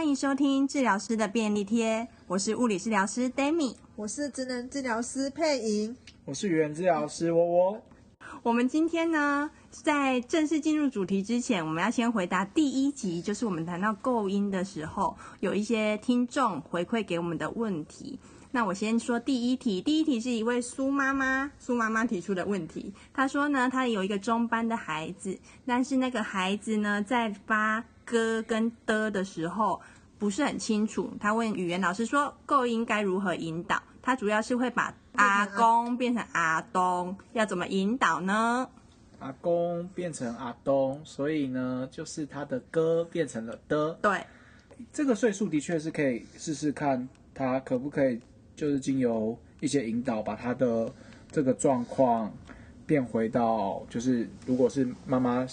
歡迎收聽治療師的便利貼，我是物理治療師 Demi，我是職能治療師佩瑩，我是語言治療師窩窩。我們今天呢，在正式進入主題之前，我們要先回答第一集，就是我們談到構音的時候，有一些聽眾回饋給我們的問題。那我先說第一題，第一題是一位蘇媽媽，蘇媽媽提出的問題，她說呢，她有一個中班的孩子，但是那個孩子呢，在發。哥跟的的時候不是很清楚，他問語言老師說，構音該如何引導？他主要是會把阿公變成阿東，要怎麼引導呢？阿公變成阿東，所以呢，就是他的歌變成了的。對，這個歲數的確是可以試試看，他可不可以就是經由一些引導，把他的這個狀況變回到，就是如果是媽媽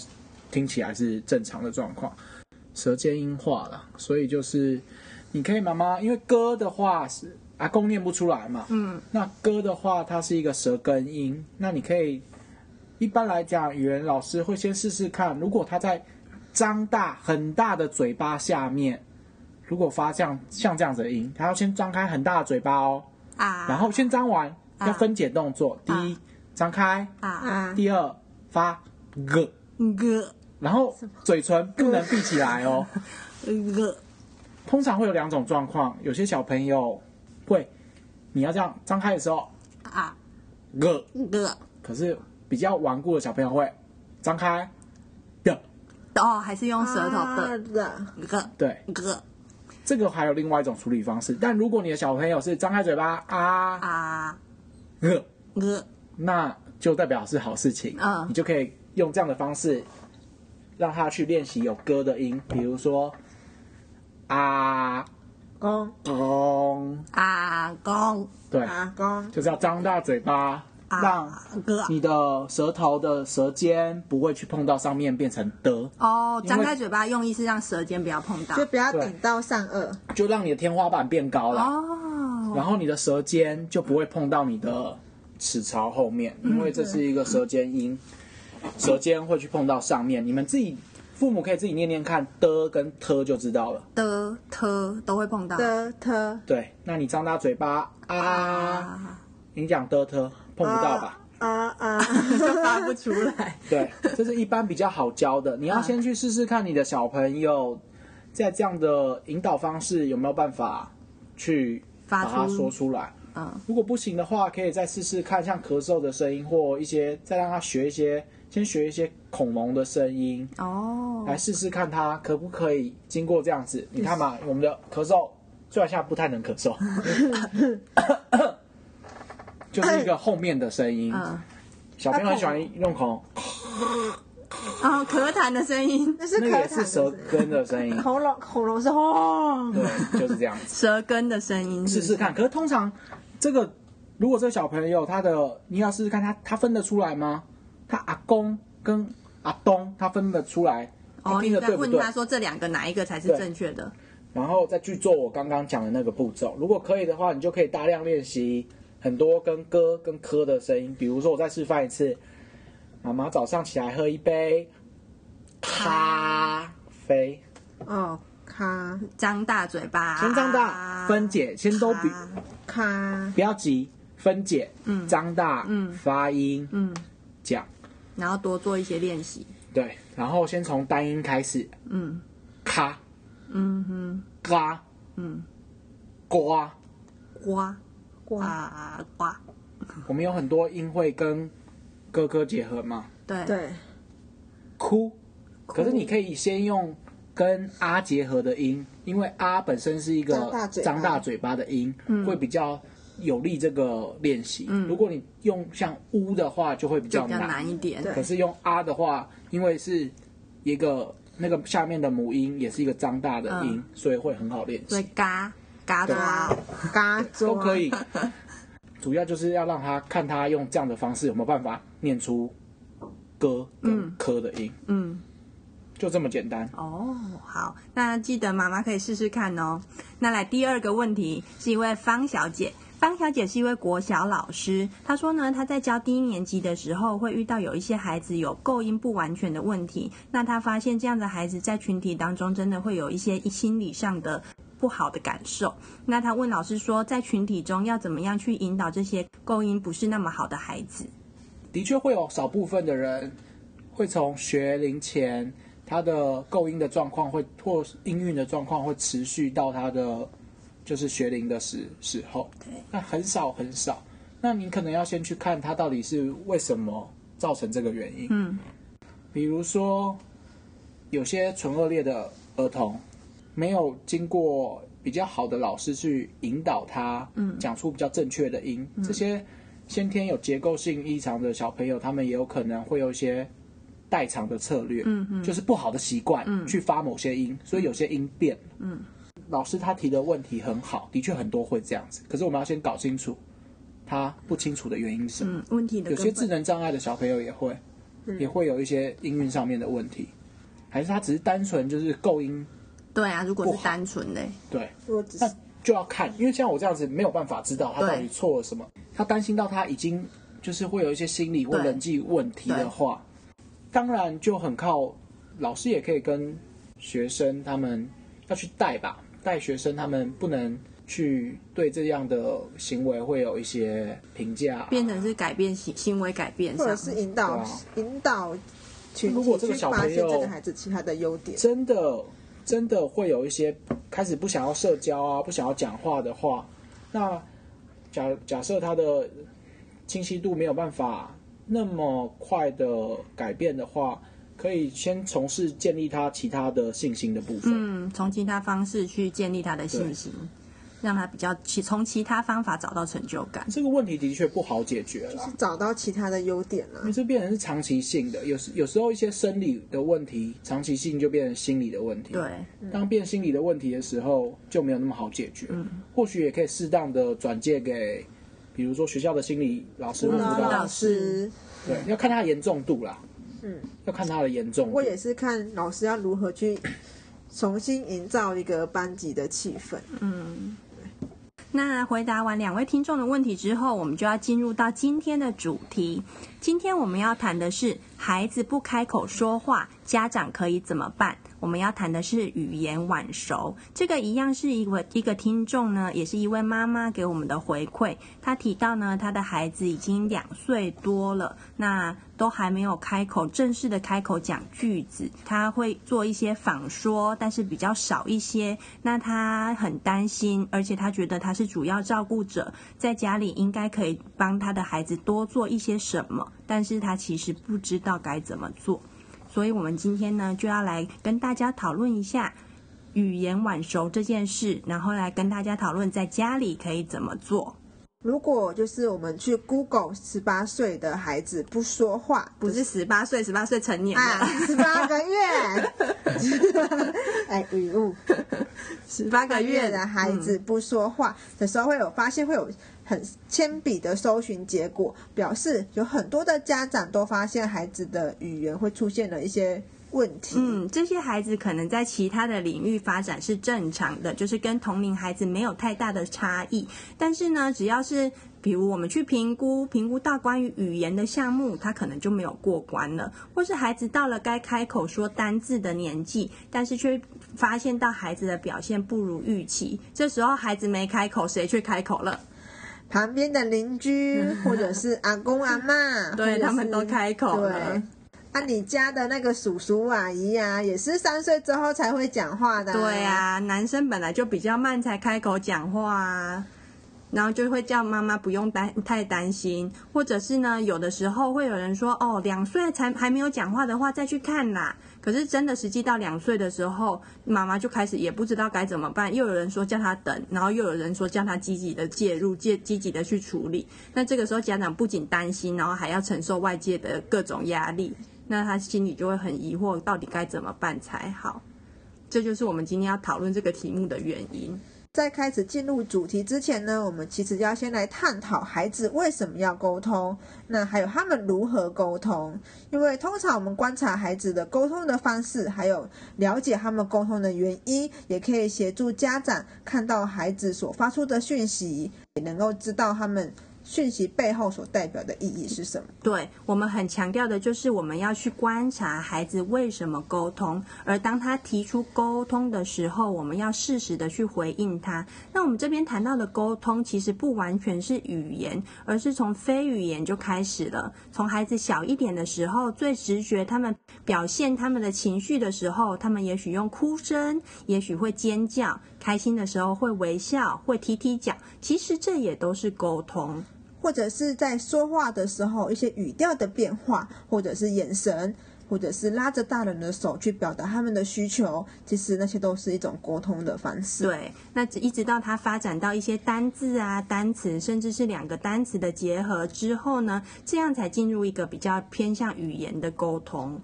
聽起來是正常的狀況。舌尖音化了，所以就是你可以慢慢，因為歌的話是阿、啊、公念不出來嘛。嗯。那歌的話，它是一個舌根音，那你可以一般來講，語文老師會先試試看，如果他在張大很大的嘴巴下面，如果發這樣像這樣子的音，他要先張開很大的嘴巴哦。啊。然後先張完、啊，要分解動作，啊、第一張開，啊。第二發歌。歌。然後嘴唇不能閉起來哦。通常會有兩種狀況，有些小朋友會，你要這樣張開的時候，啊，呃，呃，可是比較頑固的小朋友會張開，的，哦，還是用舌頭的，呃，對，呃，這個還有另外一種處理方式，但如果你的小朋友是張開嘴巴，啊啊，呃呃，那就代表是好事情，你就可以用這樣的方式。讓他去練習有歌的音，比如說啊公、嗯、啊公，對啊公，就是要張大嘴巴，啊，讓歌你的舌頭的舌尖不會去碰到上面變成的哦。張開嘴巴用意是讓舌尖不要碰到，就不要頂到上顎，就讓你的天花板變高了哦，然後你的舌尖就不會碰到你的齒槽後面，因為這是一個舌尖音。嗯舌尖會去碰到上面，你們自己父母可以自己念念看的跟特就知道了。的特都會碰到的特對。那你張大嘴巴啊，啊，你講的特碰不到吧？啊啊，都、啊、 發不出來。 對，這是一般比較好教的。你要先去試試看你的小朋友，在這樣的引導方式有沒有辦法去把它說出來發出啊？如果不行的話，可以再試試看，像咳嗽的聲音或一些，再讓他學一些。先學一些恐龍的聲音哦，oh. 來試試看它可不可以經過這樣子。Yes. 你看嘛，我們的咳嗽，雖然現在不太能咳嗽 咳咳，就是一個後面的聲音。 小朋友很喜歡用口啊、uh,，咳痰的,的聲音，那是、個、也是舌根的聲音。喉嚨喉嚨是哦，對，就是這樣子。舌根的聲音，試試看。可是通常這個，如果這個小朋友他的，你要試試看他他分得出來嗎？他阿公跟阿東，他分得出來，哦，他聽得對不對？你要問他說這兩個哪一個才是正確的？然後再去做我剛剛講的那個步驟，如果可以的話，你就可以大量練習很多跟哥跟科的聲音。比如說，我再示範一次：媽媽早上起來喝一杯咖啡。咖哦，咖，張大嘴巴，先張大，分解，先都比咖，咖，不要急，分解，嗯，張大，嗯，發音，嗯，講。然後多做一些練習。對，然後先從單音開始。嗯，咔。嗯哼。嘎。嗯。呱、嗯。呱。呱、嗯、呱、啊啊。我們有很多音會跟哥哥結合嘛？對對。哭。可是你可以先用跟啊結合的音，因為啊本身是一個張大嘴巴的音，嗯、會比較。有利這個練習。嗯。如果你用像烏的話就，就會比較難一點。對。可是用啊的話，因為是一個那個下面的母音，也是一個張大的音，嗯、所以會很好練習。所以啊、對，嘎嘎的啊，嘎 都可以。 主要就是要讓他看他用這樣的方式有沒有辦法念出歌跟科的音。嗯。嗯。就這麼簡單。哦，好，那記得媽媽可以試試看哦。那來第二個問題是一位方小姐。方小姐是一位國小老師，她說呢，她在教低年級的時候會遇到有一些孩子有構音不完全的問題，那她發現這樣的孩子在群體當中真的會有一些心理上的不好的感受。那她問老師說，在群體中要怎麼樣去引導這些構音不是那麼好的孩子？的確會有少部分的人會從學齡前他的構音的狀況會或音韻的狀況會持續到他的。就是學齡的時時候，那很少很少。那你可能要先去看他到底是為什麼造成這個原因。嗯，比如說有些唇顎裂的兒童，沒有經過比較好的老師去引導他，講、嗯、出比較正確的音、嗯。這些先天有結構性異常的小朋友，他們也有可能會有一些代償的策略嗯嗯，就是不好的習慣去發某些音、嗯，所以有些音變。嗯。老師他提的問題很好，的確很多會這樣子。可是我們要先搞清楚，他不清楚的原因是什麼？嗯，問題的。有些智能障礙的小朋友也會，嗯、也會有一些音韻上面的問題，還是他只是單純就是構音？對啊，如果是單純的，對，那就要看，因為像我這樣子沒有辦法知道他到底錯了什麼。他擔心到他已經就是會有一些心理或人際問題的話，當然就很靠老師也可以跟學生他們要去帶吧。帶學生，他們不能去對這樣的行為會有一些評價，變成是改變行行為改變，或者是引導引導。如果這個小朋友這個孩子，其他的優點真的真的會有一些開始不想要社交啊，不想要講話的話，那假假設他的清晰度沒有辦法那麼快的改變的話。可以先從事建立他其他的信心的部分。嗯，從其他方式去建立他的信心，讓他比較其從其他方法找到成就感。這個問題的確不好解決了。就是、找到其他的優點了。因為這變成是長期性的，有時有時候一些生理的問題，長期性就變成心理的問題。對，嗯、當變心理的問題的時候，就沒有那麼好解決。嗯，或許也可以適當的轉介給，比如說學校的心理老師、師、啊。老師，對，嗯、要看他的嚴重度啦。嗯，要看他的嚴重。不、嗯、過也是看老師要如何去重新營造一個班級的氣氛。嗯，那回答完兩位聽眾的問題之後，我們就要進入到今天的主題。今天我們要談的是，孩子不開口說話，家長可以怎麼辦？我們要談的是語言晚熟，這個一樣是一位一個聽眾呢，也是一位媽媽給我們的回饋。她提到呢，她的孩子已經兩歲多了，那都還沒有開口正式的開口講句子，她會做一些仿說，但是比較少一些。那她很擔心，而且她覺得她是主要照顧者，在家裡應該可以幫她的孩子多做一些什麼，但是她其實不知道該怎麼做。所以，我們今天呢，就要來跟大家討論一下語言晚熟這件事，然後來跟大家討論在家裡可以怎麼做。如果就是我們去 Google 十八歲的孩子不說話，就是、不是十八歲，十八歲成年啊，十八個月。 哎、語誤，十八個月的、嗯、孩子不說話的時候，會有發現會有。很鉛筆的搜尋結果表示，有很多的家長都發現孩子的語言會出現了一些問題。嗯，這些孩子可能在其他的領域發展是正常的，就是跟同齡孩子沒有太大的差異。但是呢，只要是比如我們去評估，評估到關於語言的項目，他可能就沒有過關了。或是孩子到了該開口說單字的年紀，但是卻發現到孩子的表現不如預期，這時候孩子沒開口，誰去開口了？旁邊的鄰居，或者是阿公阿嬤， 對，他們都開口了。對啊，你家的那個叔叔阿姨啊，也是三歲之後才會講話的。對啊，男生本來就比較慢，才開口講話，啊，然後就會叫媽媽不用擔太擔心，或者是呢，有的時候會有人說，哦，兩歲才還沒有講話的話，再去看啦。可是真的，實際到兩歲的時候，媽媽就開始也不知道該怎麼辦。又有人說叫他等，然後又有人說叫他積極的介入、介積極的去處理。那這個時候家長不僅擔心，然後還要承受外界的各種壓力，那他心裡就會很疑惑，到底該怎麼辦才好？這就是我們今天要討論這個題目的原因。在開始進入主題之前呢，我們其實要先來探討孩子為什麼要溝通，那還有他們如何溝通。因為通常我們觀察孩子的溝通的方式，還有了解他們溝通的原因，也可以協助家長看到孩子所發出的訊息，也能夠知道他們。訊息背後所代表的意義是什麼？對，我們很強調的就是，我們要去觀察孩子為什麼溝通，而當他提出溝通的時候，我們要適時的去回應他。那我們這邊談到的溝通，其實不完全是語言，而是從非語言就開始了。從孩子小一點的時候，最直覺他們表現他們的情緒的時候，他們也許用哭聲，也許會尖叫，開心的時候會微笑，會踢踢腳，其實這也都是溝通。或者是在說話的時候，一些語調的變化，或者是眼神，或者是拉着大人的手去表達他們的需求，其實那些都是一種溝通的方式。對，那一直到他發展到一些單字啊、單詞，甚至是兩個單詞的結合之後呢，這樣才進入一個比較偏向語言的溝通。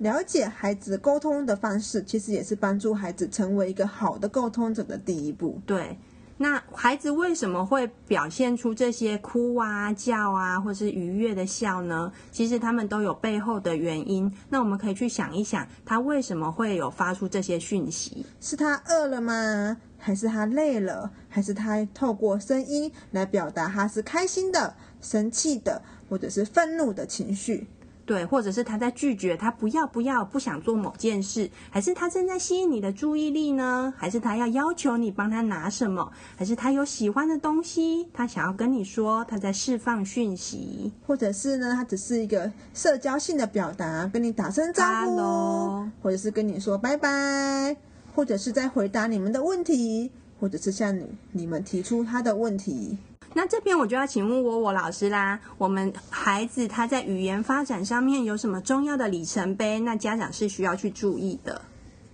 了解孩子溝通的方式，其實也是幫助孩子成為一個好的溝通者的第一步。對。那孩子為什麼會表現出這些哭啊、叫啊，或是愉悅的笑呢？其實他們都有背後的原因。那我們可以去想一想，他為什麼會有發出這些訊息？是他餓了嗎？還是他累了？還是他透過聲音來表達他是開心的、生氣的，或者是憤怒的情緒？對，或者是他在拒絕，他不要不要不想做某件事，還是他正在吸引你的注意力呢？還是他要要求你幫他拿什麼？還是他有喜歡的東西，他想要跟你說，他在釋放訊息，或者是呢，他只是一個社交性的表達，跟你打聲招呼，Hello. 或者是跟你說拜拜，或者是在回答你們的問題，或者是向你你們提出他的問題。那這邊我就要請問我我老師啦，我們孩子他在語言發展上面有什麼重要的里程碑？那家長是需要去注意的。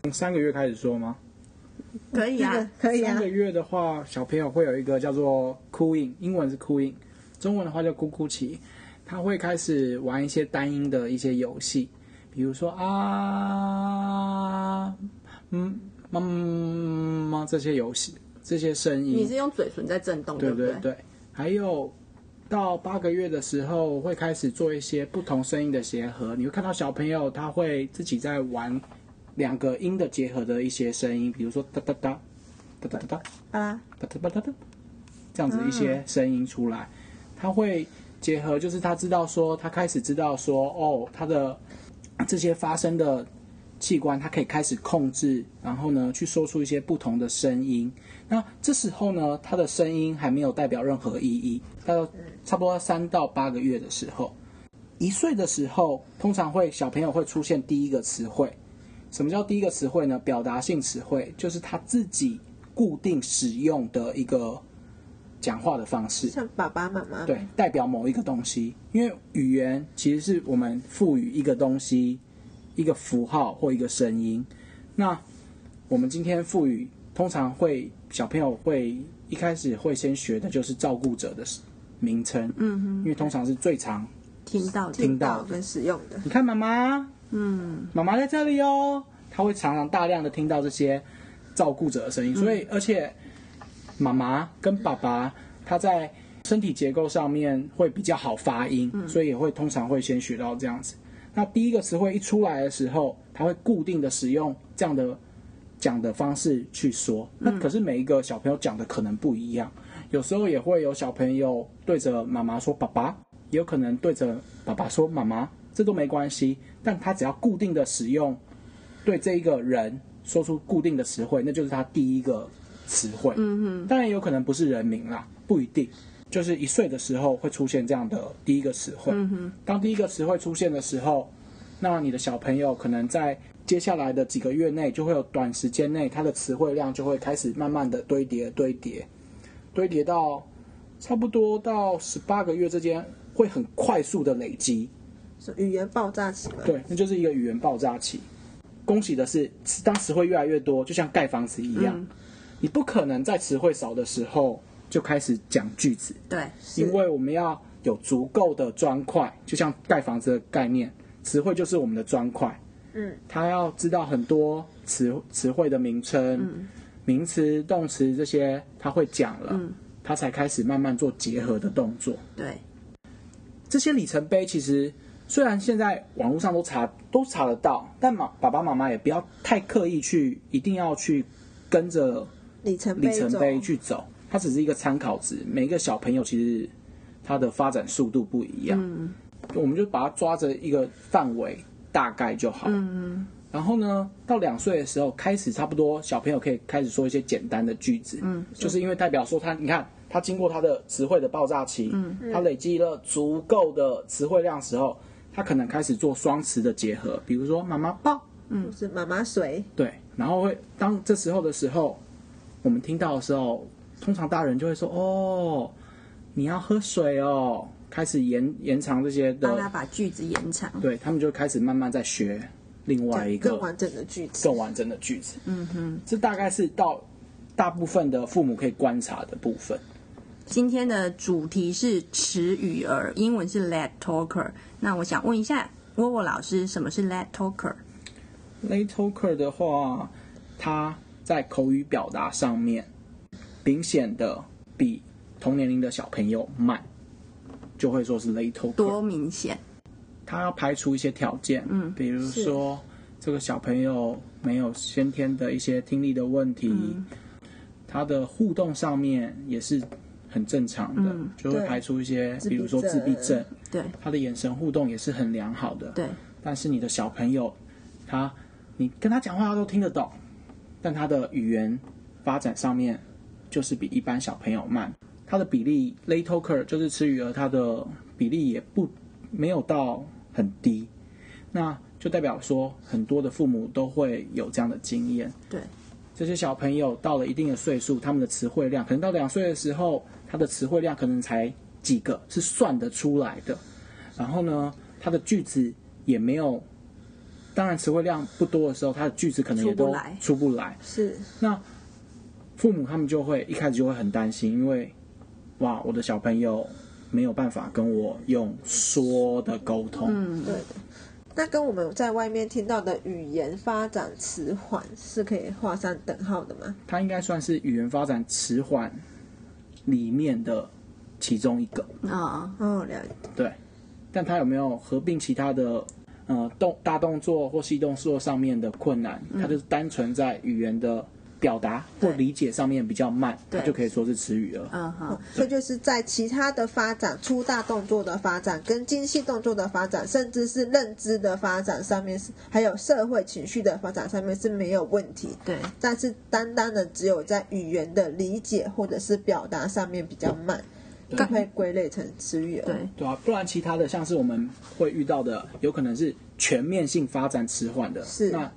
從三個月開始說嗎？可以啊、那個，可以啊。三個月的話，小朋友會有一個叫做哭音，英文是哭音，中文的話叫咕咕期，他會開始玩一些單音的一些遊戲，比如說啊，嗯，媽媽這些遊戲。這些聲音，你是用嘴唇在震動，對不對？對，還有到八個月的時候，會開始做一些不同聲音的結合。你會看到小朋友他會自己在玩兩個音的結合的一些聲音，比如說噠噠噠、噠噠噠噠、噠噠噠噠噠噠噠噠這樣子一些聲音出來。他會結合，就是他知道說，他開始知道說，哦，他的這些發聲的。器官，它可以開始控制，然後呢，去說出一些不同的聲音。那這時候呢，他的聲音還沒有代表任何意義。到差不多三到八個月的時候，一歲的時候，通常會小朋友會出現第一個詞彙。什麼叫第一個詞彙呢？表達性詞彙，就是他自己固定使用的一個講話的方式，像爸爸媽媽，對，代表某一個東西。因為語言其實是我們賦予一個東西。一個符號或一個聲音，那我們今天賦予通常會小朋友會一開始會先學的就是照顧者的名稱，嗯哼，因為通常是最常聽到、聽到跟使用的。你看媽媽，嗯，媽媽在這裡哦，他會常常大量的聽到這些照顧者的聲音，嗯，所以而且媽媽跟爸爸他在身體結構上面會比較好發音，嗯、所以也會通常會先學到這樣子。那第一個詞彙一出來的時候，他會固定的使用這樣的講的方式去說，嗯。那可是每一個小朋友講的可能不一樣，有時候也會有小朋友對着媽媽說“爸爸”，也有可能對着爸爸說“媽媽”，這都沒關係。但他只要固定的使用對這一個人說出固定的詞彙，那就是他第一個詞彙。嗯嗯，當然有可能不是人名啦，不一定。就是一歲的時候會出現這樣的第一個詞彙。當第一個詞彙出現的時候，那你的小朋友可能在接下來的幾個月內，就會有短時間內他的詞彙量就會開始慢慢的堆疊、堆疊、堆疊到差不多到十八個月之間，會很快速的累積，語言爆炸期。對，那就是一個語言爆炸期。恭喜的是，當詞彙越來越多，就像蓋房子一樣，你不可能在詞彙少的時候。就開始講句子，對，因為我們要有足夠的磚塊，就像蓋房子的概念，詞彙就是我們的磚塊。嗯，他要知道很多詞詞彙的名稱、嗯，名詞、動詞這些，他會講了，他、嗯、才開始慢慢做結合的動作。嗯、對，這些里程碑其實雖然現在網絡上都查都查得到，但媽爸爸媽媽也不要太刻意去，一定要去跟着里程碑里程碑去走。它只是一個參考值，每一個小朋友其實他的發展速度不一樣，嗯、我們就把它抓着一個範圍大概就好。嗯嗯、然後呢，到兩歲的時候開始，差不多小朋友可以開始說一些簡單的句子。嗯。是就是因為代表說他，你看他經過他的詞彙的爆炸期、嗯嗯，他累積了足夠的詞彙量的時候，他可能開始做雙詞的結合，比如說“媽媽抱”，嗯，是“媽媽水”。對。然後會當這時候的時候，我們聽到的時候。通常大人就會說：“哦，你要喝水哦。”開始延延長這些的，幫他把句子延長。對他們就開始慢慢在學另外一個更完整的句子，更完整的句子。嗯哼，這大概是到大部分的父母可以觀察的部分。今天的主題是“遲語兒”，英文是 “late talker”。那我想問一下，沃沃老師，什麼是 “late talker”？“Late talker” 的話，他在口語表達上面。明顯的比同年齡的小朋友慢，就會說是雷 i 多明顯？他要排除一些條件，嗯，比如說這個小朋友沒有先天的一些聽力的問題，嗯、他的互動上面也是很正常的，嗯、就會排除一些，比如說自閉症，對，他的眼神互動也是很良好的，對。但是你的小朋友，他你跟他講話他都聽得懂，但他的語言發展上面。就是比一般小朋友慢，他的比例 late talker 就是遲語兒，他的比例也不沒有到很低，那就代表說很多的父母都會有這樣的經驗。對，這些小朋友到了一定的歲數，他們的詞彙量可能到兩歲的時候，他的詞彙量可能才幾個是算得出來的。然後呢，他的句子也沒有，當然詞彙量不多的時候，他的句子可能也都出不來。出不來是那。父母他們就會一開始就會很擔心，因為，哇，我的小朋友沒有辦法跟我用說的溝通。嗯，對。那跟我們在外面聽到的語言發展遲緩是可以畫上等號的嗎？他應該算是語言發展遲緩裡面的其中一個啊。哦，哦，了解。對，但他有沒有合併其他的呃動大動作或細動作上面的困難？他就是單純在語言的。嗯。表達或理解上面比較慢，對就可以說是遲語了。嗯、哦、好，所以就是在其他的發展、粗大動作的發展、跟精細動作的發展，甚至是認知的發展上面，還有社會情緒的發展上面是沒有問題。對。但是單單的只有在語言的理解或者是表達上面比較慢，嗯、就會歸類成遲語。對。對啊，不然其他的像是我們會遇到的，有可能是全面性發展遲緩的。是。那。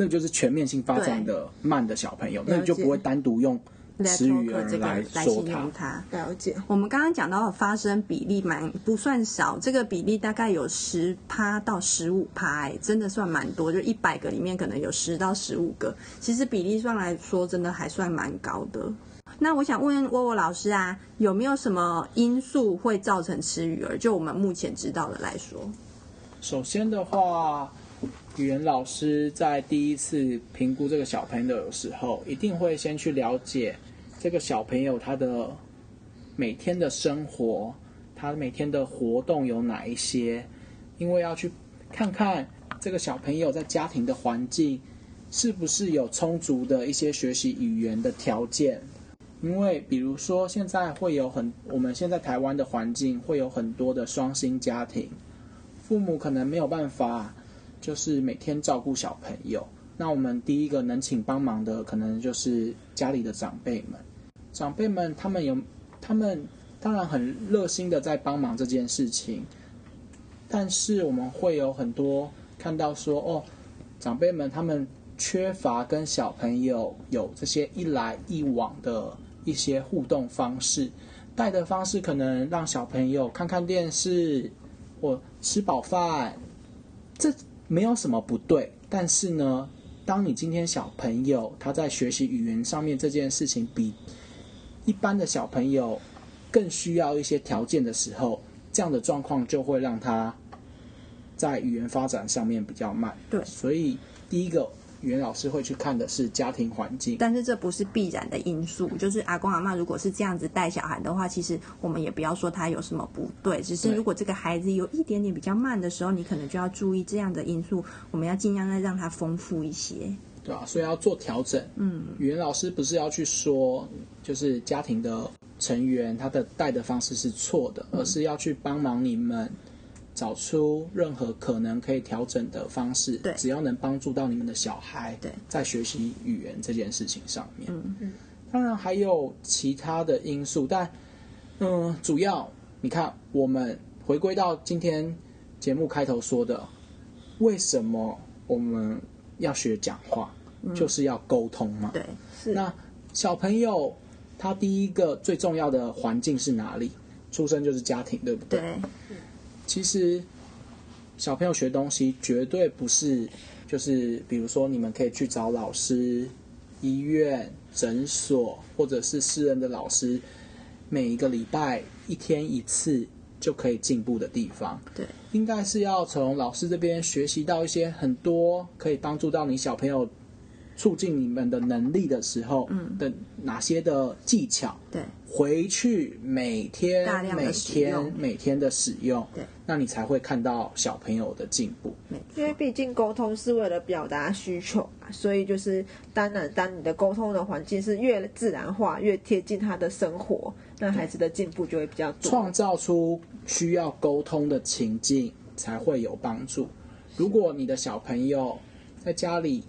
那就是全面性發展的慢的小朋友，那你就不會單獨用遲語兒這個來形容它。了解。我們剛剛講到的發生比例蠻不算少，這個比例大概有十趴到十五趴，真的算蠻多，就一百個裡面可能有十到十五個。其實比例上來說，真的還算蠻高的。那我想問問沃沃老師啊，有沒有什麼因素會造成遲語兒，就我們目前知道的來說，首先的話。語言老師在第一次評估這個小朋友的時候，一定會先去了解這個小朋友他的每天的生活，他每天的活動有哪一些？因為要去看看這個小朋友在家庭的環境是不是有充足的一些學習語言的條件。因為比如說現在會有很，我們現在台灣的環境會有很多的雙薪家庭，父母可能沒有辦法。就是每天照顧小朋友。那我們第一個能請幫忙的，可能就是家裡的長輩們。長輩們他們有，他們當然很熱心的在幫忙這件事情。但是我們會有很多看到說，哦，長輩們他們缺乏跟小朋友有這些一來一往的一些互動方式，帶的方式可能讓小朋友看看電視或吃飽飯。這。沒有什麼不對，但是呢，當你今天小朋友他在學習語言上面這件事情比一般的小朋友更需要一些條件的時候，這樣的狀況就會讓他在語言發展上面比較慢。對，所以第一個。語言老師會去看的是家庭環境，但是這不是必然的因素。嗯、就是阿公阿嬤如果是這樣子帶小孩的話，其實我們也不要說他有什麼不對，對，只是如果這個孩子有一點點比較慢的時候，你可能就要注意這樣的因素。我們要盡量再讓他豐富一些。對啊，所以要做調整。嗯，語言老師不是要去說就是家庭的成員他的帶的方式是錯的，嗯，而是要去幫忙你們。找出任何可能可以調整的方式，對，只要能幫助到你們的小孩，對，在學習語言這件事情上面。嗯，嗯，當然還有其他的因素，但嗯，主要你看，我們回歸到今天節目開頭說的，為什麼我們要學講話？嗯，就是要溝通嘛。對，是。那小朋友他第一個最重要的環境是哪裡？出生就是家庭，對不對？對。其實，小朋友學東西絕對不是，就是比如說，你們可以去找老師、醫院、診所，或者是私人的老師，每一個禮拜一天一次就可以進步的地方。對，應該是要從老師這邊學習到一些很多可以幫助到你小朋友的地方。促進你們的能力的時候的、嗯、哪些的技巧？對，回去每天、大量每天、嗯、每天的使用，對，那你才會看到小朋友的進步。因為畢竟溝通是為了表達需求嘛，所以就是當然，當你的溝通的環境是越自然化、越貼近他的生活，那孩子的進步就會比較多。創造出需要溝通的情境才會有幫助。如果你的小朋友在家裡。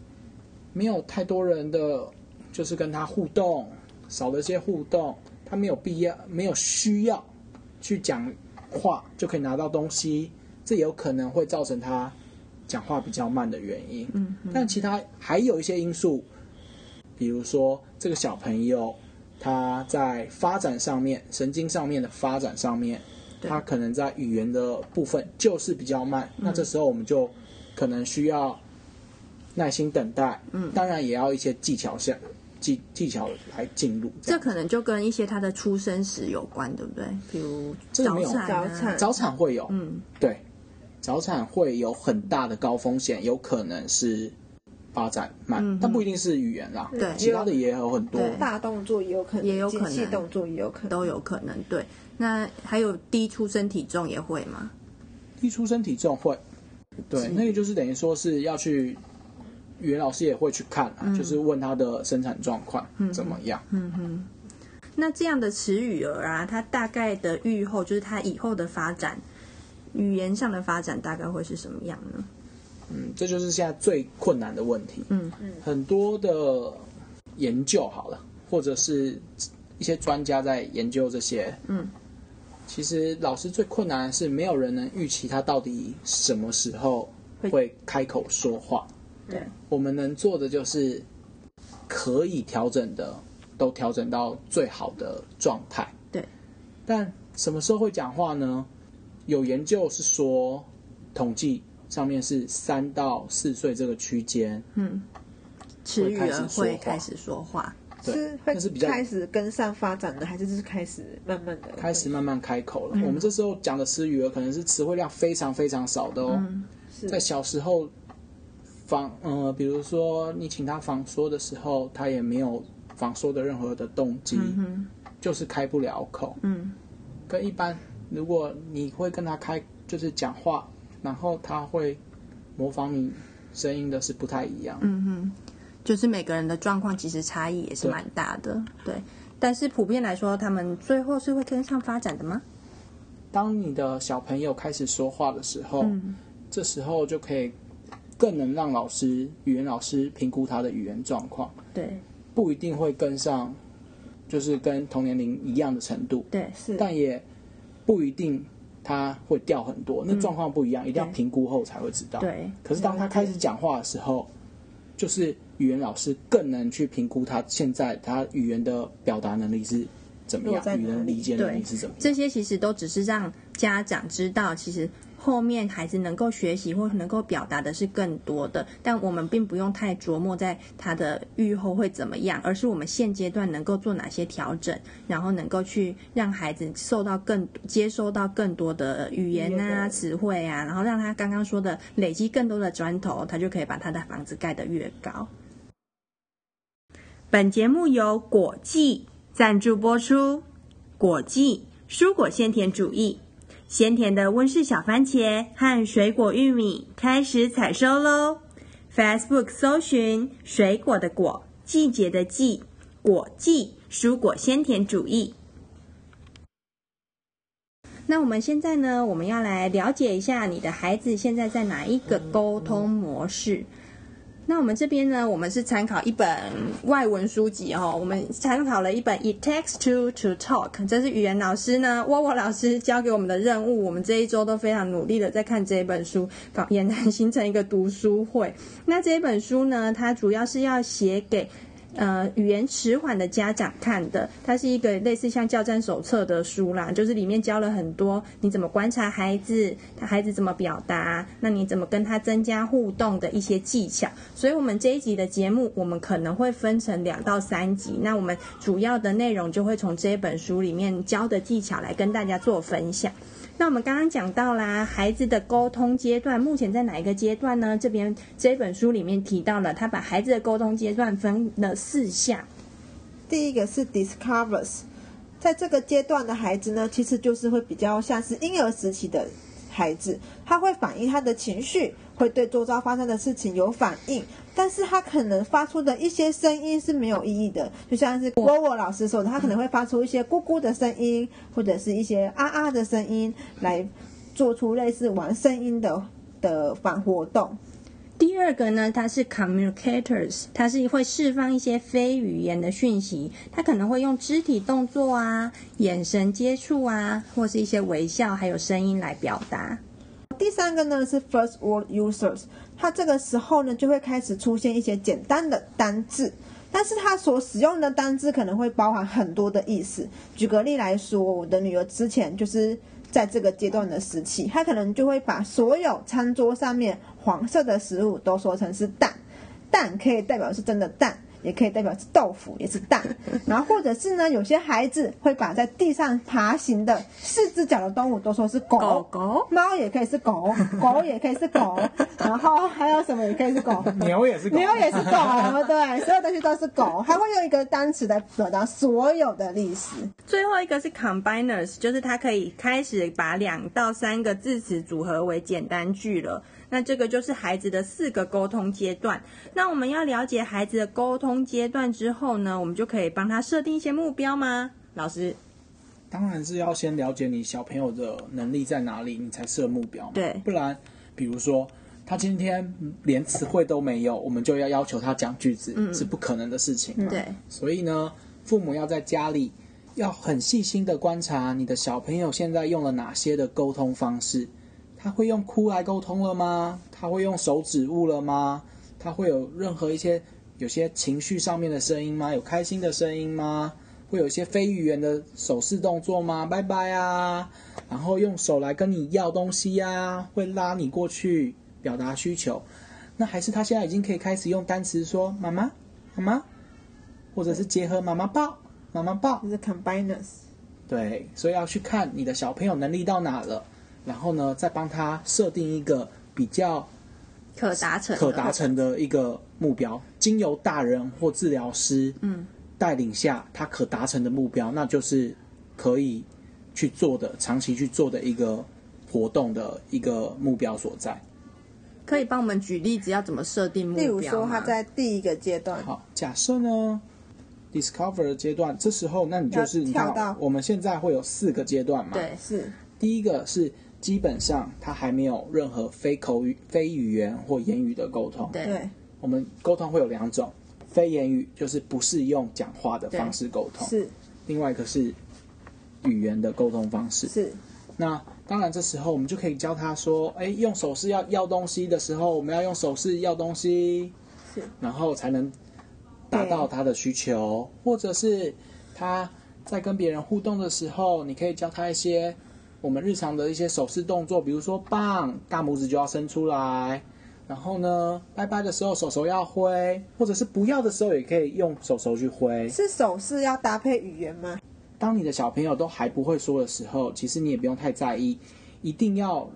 沒有太多人的，就是跟他互動少了一些互動，他沒有必要、沒有需要去講話就可以拿到東西，這有可能會造成他講話比較慢的原因。嗯，嗯，但其他還有一些因素，比如說這個小朋友他在發展上面、神經上面的發展上面，他可能在語言的部分就是比較慢。嗯、那這時候我們就可能需要。耐心等待，嗯，當然也要一些技巧性技技巧來進入這。這可能就跟一些他的出生史有關，對不對？比如早產、啊這個，早產會有，嗯，對，早產會有很大的高風險，有可能是發展慢、嗯，但不一定是語言啦，對，對其他的也有很多大動作，也有可能，也有可能，細動作也有可能，都有可能，對。那還有低出生體重也會嗎？低出生體重會，對，那個就是等於說是要去。語言老師也會去看啊，嗯、就是問他的生產狀況怎麼樣。嗯，嗯，嗯，嗯，那這樣的遲語兒啊，他大概的預後就是他以後的發展，語言上的發展大概會是什麼樣呢？嗯，這就是現在最困難的問題。嗯嗯。很多的研究好了，或者是一些專家在研究這些。嗯。其實老師最困難的是，沒有人能預期他到底什麼時候會開口說話。對，我們能做的就是可以調整的都調整到最好的狀態。對。但什麼時候會講話呢？有研究是說，統計上面是三到四歲這個區間。嗯。遲語兒會開始說話。對，是會開始跟上發展的，還是就是開始慢慢的？開始慢慢開口了。我們這時候講的遲語兒，可能是詞彙量非常非常少的哦。嗯、在小時候。仿、嗯、呃，比如說你請他仿說的時候，他也沒有仿說的任何的動機、嗯，就是開不了口。嗯，跟一般如果你會跟他開就是講話，然後他會模仿你聲音的是不太一樣。嗯，就是每個人的狀況其實差異也是蠻大的對。對，但是普遍來說，他們最後是會跟上發展的嗎？當你的小朋友開始說話的時候，嗯、這時候就可以。更能讓老師，語言老師評估他的語言狀況。對，不一定會跟上，就是跟同年齡一樣的程度。對，是，但也不一定他會掉很多的、嗯，那狀況不一樣，一定要評估後才會知道。對，可是當他開始講話的時候，就是語言老師更能去評估他現在他語言的表達能力是怎麼樣，語言理解能力是怎麼樣。這些其實都只是讓家長知道，其實。後面孩子能夠學習或能夠表達的是更多的，但我們並不用太琢磨在他的預後會怎麼樣，而是我們現階段能夠做哪些調整，然後能夠去讓孩子受到更接收到更多的語言啊、詞彙啊，然後讓他剛剛說的累積更多的磚頭，他就可以把他的房子蓋得越高。本節目由果記贊助播出，果記蔬果鮮甜主義。鮮甜的溫室小番茄和水果玉米開始採收嘍！Facebook 搜尋“水果的果，季節的季，果季，蔬果鮮甜主義”。那我們現在呢？我們要來了解一下你的孩子現在在哪一個溝通模式？那我們這邊呢？我們是參考一本外文書籍哦，我們參考了一本《It takes two to talk》，這是語言老師呢，沃沃老師交給我們的任務。我們這一周都非常努力的在看這一本書，也能形成一個讀書會。那這一本書呢，它主要是要寫給呃，語言遲緩的家長看的，它是一個類似像教戰手冊的書啦，就是裡面教了很多你怎麼觀察孩子，他孩子怎麼表達，那你怎麼跟他增加互動的一些技巧。所以，我們這一集的節目，我們可能會分成兩到三集。那我們主要的內容就會從這本書裡面教的技巧來跟大家做分享。那我們剛剛講到啦，孩子的溝通階段目前在哪一個階段呢？這邊這本書裡面提到了，他把孩子的溝通階段分了四項。第一個是 discovers，在這個階段的孩子呢，其實就是會比較像是嬰兒時期的孩子，他會反映他的情緒。會對周遭發生的事情有反應，但是他可能發出的一些聲音是沒有意義的，就像是羅羅老師說的，他可能會發出一些咕咕的聲音，或者是一些啊啊的聲音，來做出類似玩聲音的的反活動。第二個呢，它是 communicators，它是會釋放一些非語言的訊息，他可能會用肢體動作啊、眼神接觸啊，或是一些微笑，還有聲音來表達。第三個呢是 first word users，他這個時候呢就會開始出現一些簡單的單字，但是他所使用的單字可能會包含很多的意思。舉個例來說，我的女兒之前就是在這個階段的時期，她可能就會把所有餐桌上面黃色的食物都說成是蛋，蛋可以代表是真的蛋，也可以代表是豆腐，也是蛋，然後或者是呢，有些孩子會把在地上爬行的四只腳的動物都說是狗，狗，狗。貓也可以是狗，狗也可以是狗， 然後還有什麼也可以是狗？牛也是牛也，也，也是狗，對，對所有東西都是狗，它會用一個單詞來表達所有的歷史。最後一個是 Combiners，就是它可以開始把兩到三個字詞組合為簡單句了。那這個就是孩子的四個溝通階段。那我們要了解孩子的溝通階段之後呢，我們就可以幫他設定一些目標嗎？老師。當然是要先了解你小朋友的能力在哪裡，你才設目標嘛。對。不然，比如說他今天連詞彙都沒有，我們就要要求他講句子，嗯、是不可能的事情。對。所以呢，父母要在家裡要很細心地觀察你的小朋友現在用了哪些的溝通方式。他會用哭來溝通了嗎？他會用手指物了嗎？他會有任何一些有些情緒上面的聲音嗎？有開心的聲音嗎？會有一些非語言的手勢動作嗎？拜拜啊，然後用手來跟你要東西呀、啊，會拉你過去表達需求，那還是他現在已經可以開始用單詞說媽媽，媽媽，或者是結合媽媽抱，媽媽抱，就是 combine us，對，所以要去看你的小朋友能力到哪了。然後呢，再幫他設定一個比較可達成、可達成的一個目標，經由大人或治療師嗯帶領下，他可達成的目標，嗯，那就是可以去做的、長期去做的一個活動的一個目標所在。可以幫我們舉例子，要怎麼設定目標？例如說，他在第一個階段，好，假設呢，Discover 的階段，這時候那你就是跳到你看，我們現在會有四個階段嘛？對，是第一個是。基本上他還沒有任何非口語、非語言或言語的溝通。對，對，我們溝通會有兩種，非言語就是不是用講話的方式溝通。是，另外一個是語言的溝通方式。是，那當然這時候我們就可以教他說：“哎，用手勢要要東西的時候，我們要用手勢要東西。”是，然後才能達到他的需求，或者是他在跟別人互動的時候，你可以教他一些。我們日常的一些手勢動作，比如說“棒”，大拇指就要伸出來。然後呢，拜拜的時候手手要揮，或者是不要的時候也可以用手手去揮。是手勢要搭配語言嗎？當你的小朋友都還不會說的時候，其實你也不用太在意。一定要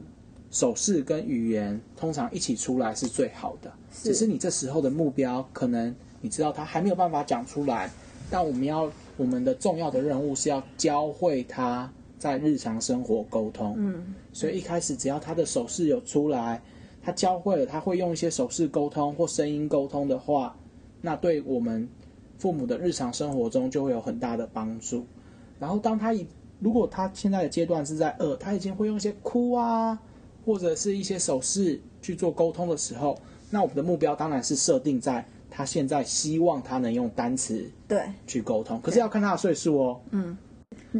手勢跟語言通常一起出來是最好的。只是你這時候的目標，可能你知道他還沒有辦法講出來，但我們要我們的重要的任務是要教會他。在日常生活溝通，嗯，所以一開始只要他的手勢有出來，他教會了，他會用一些手勢溝通或聲音溝通的話，那對我們父母的日常生活中就會有很大的幫助。然後當他一，如果他現在的階段是在呃，他已經會用一些哭啊或者是一些手勢去做溝通的時候，那我們的目標當然是設定在他現在，希望他能用單詞對去溝通，可是要看他的歲數哦，嗯。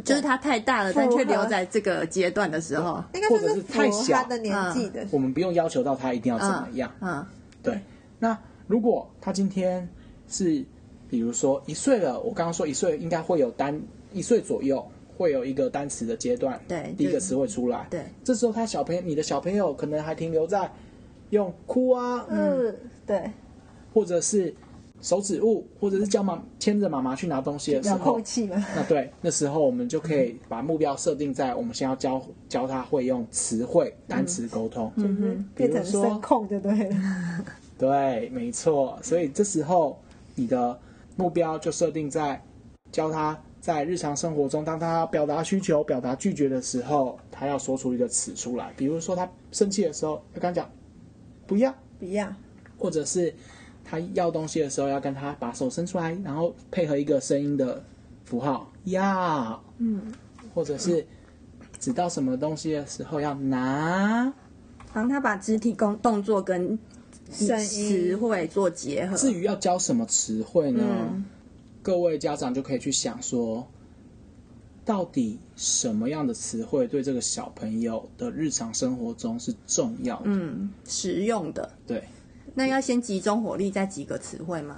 就是他太大了，但卻留在這個階段的時候，應該是太小的年紀的時候、嗯，我們不用要求到他一定要怎麼樣、嗯嗯。對。那如果他今天是，比如說一歲了，我剛剛說一歲應該會有單，一歲左右會有一個單詞的階段，對，第一個詞彙出來、嗯，對。這時候他小朋友，你的小朋友可能還停留在用哭啊嗯，嗯，對，或者是。手指物，或者是叫媽牽着媽媽去拿東西的時候，那對，那時候我們就可以把目標設定在，我們先要教教他會用詞彙、單詞溝通，就、嗯哼、變成聲控就對了。對，沒錯。所以這時候你的目標就設定在教他在日常生活中，當他表達需求、表達拒絕的時候，他要說出一個詞出來。比如說他生氣的時候，他剛講不要，不要，或者是。他要東西的時候，要跟他把手伸出來，然後配合一個聲音的符號“要”，嗯，或者是指到什麼東西的時候要拿，然後他把肢體工動作跟聲詞彙做結合。至於要教什麼詞彙呢？各位家長就可以去想說，到底什麼樣的詞彙對這個小朋友的日常生活中是重要的、嗯，實用的，對。那要先集中火力在幾個詞彙嗎？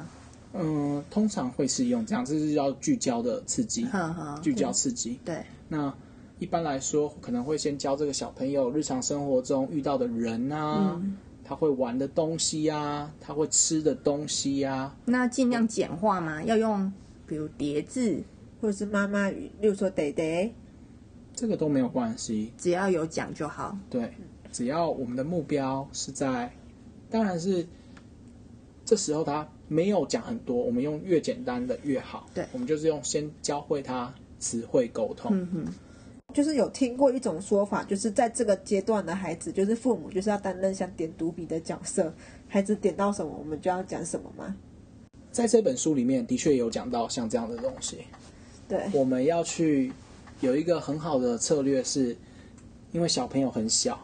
嗯，通常會是用這樣，這是叫聚焦的刺激呵呵，聚焦刺激。對，對那一般來說可能會先教這個小朋友日常生活中遇到的人啊，嗯、他會玩的東西呀、啊，他會吃的東西呀、啊。那儘量簡化嗎？嗯、要用比如疊字，或者是媽媽，比如說爹爹，這個都沒有關係，只要有講就好。對，只要我們的目標是在。當然是，這時候他沒有講很多，我們用越簡單的越好。對，我們就是用先教會他詞彙溝通。嗯哼、嗯，就是有聽過一種說法，就是在這個階段的孩子，就是父母就是要擔任像點讀筆的角色，孩子點到什麼，我們就要講什麼嗎？在這本書裡面，的確有講到像這樣的東西。對，我們要去有一個很好的策略是，是因為小朋友很小。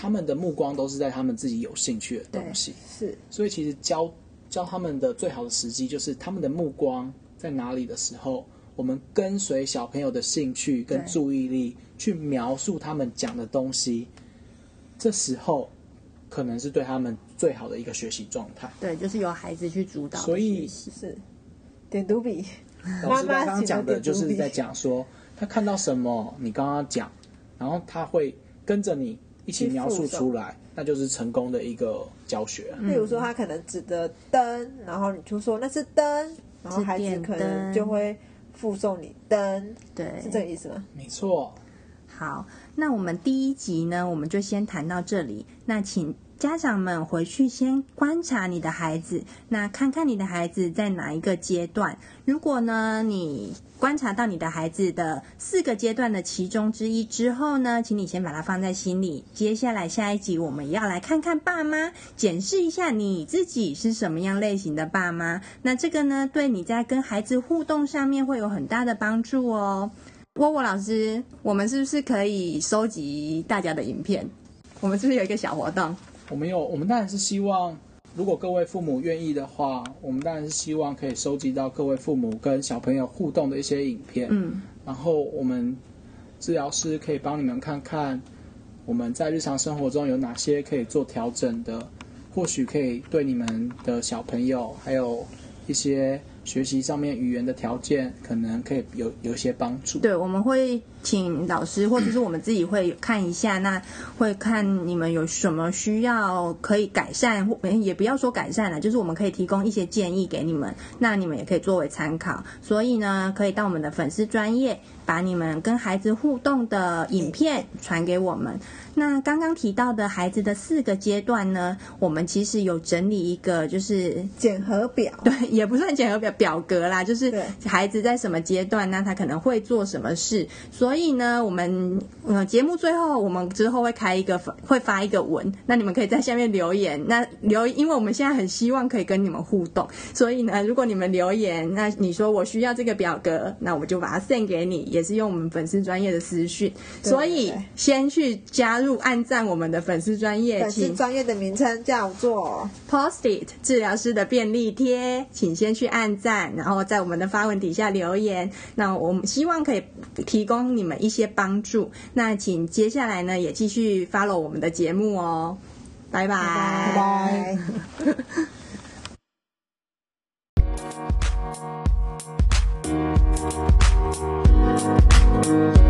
他們的目光都是在他們自己有興趣的東西，是，所以其實教教他們的最好的時機，就是他們的目光在哪裡的時候，我們跟隨小朋友的興趣跟注意力去描述他們講的東西，這時候可能是對他們最好的一個學習狀態。對，就是由孩子去主導，所以是點讀筆。老師剛剛講的就是在講說媽媽他看到什麼，你剛剛講，然後他會跟着你，一起描述出來，那就是成功的一個教學。例、嗯、如說，他可能指着燈，然後你就說那是燈，然後孩子可能就會附送你燈，對，是這個意思嗎？沒錯。好，那我們第一集呢，我們就先談到這裡。那請。家長們回去先觀察你的孩子，那看看你的孩子在哪一個階段。如果呢，你觀察到你的孩子的四個階段的其中之一之後呢，請你先把它放在心裡。接下來下一集我們要來看看爸媽，檢視一下你自己是什麼樣類型的爸媽。那這個呢，對你在跟孩子互動上面會有很大的幫助哦。沃沃老師，我們是不是可以收集大家的影片？我們是不是有一個小活動？我們有，我們當然是希望，如果各位父母願意的話，我們當然是希望可以收集到各位父母跟小朋友互動的一些影片，嗯，然後我們治療師可以幫你們看看我們在日常生活中有哪些可以做調整的，或許可以對你們的小朋友還有一些學習上面語言的條件，可能可以有有一些幫助。對，我們會。請老師或者是我們自己會看一下，那會看你們有什麼需要可以改善，或也不要說改善了，就是我們可以提供一些建議給你們，那你們也可以作為參考。所以呢，可以到我們的粉絲專頁把你們跟孩子互動的影片傳給我們。那剛剛提到的孩子的四個階段呢，我們其實有整理一個就是檢核表，對，也不算檢核表表格啦，就是孩子在什麼階段，那他可能會做什麼事，說。所以呢，我們呃節目最後，我們之後會開一個會發一個文，那你們可以在下面留言。那留，因為我們現在很希望可以跟你們互動，所以呢，如果你們留言，那你說我需要這個表格，那我就把它送給你，也是用我們粉絲專頁的私訊。所以先去加入按讚我們的粉絲專頁，粉絲專頁的名稱叫做 Post-it 治療師的便利貼，請先去按贊，然後在我們的發文底下留言。那我們希望可以提供你。你們一些幫助，那請接下來呢也繼續 follow 我們的節目哦，拜拜拜拜。Bye bye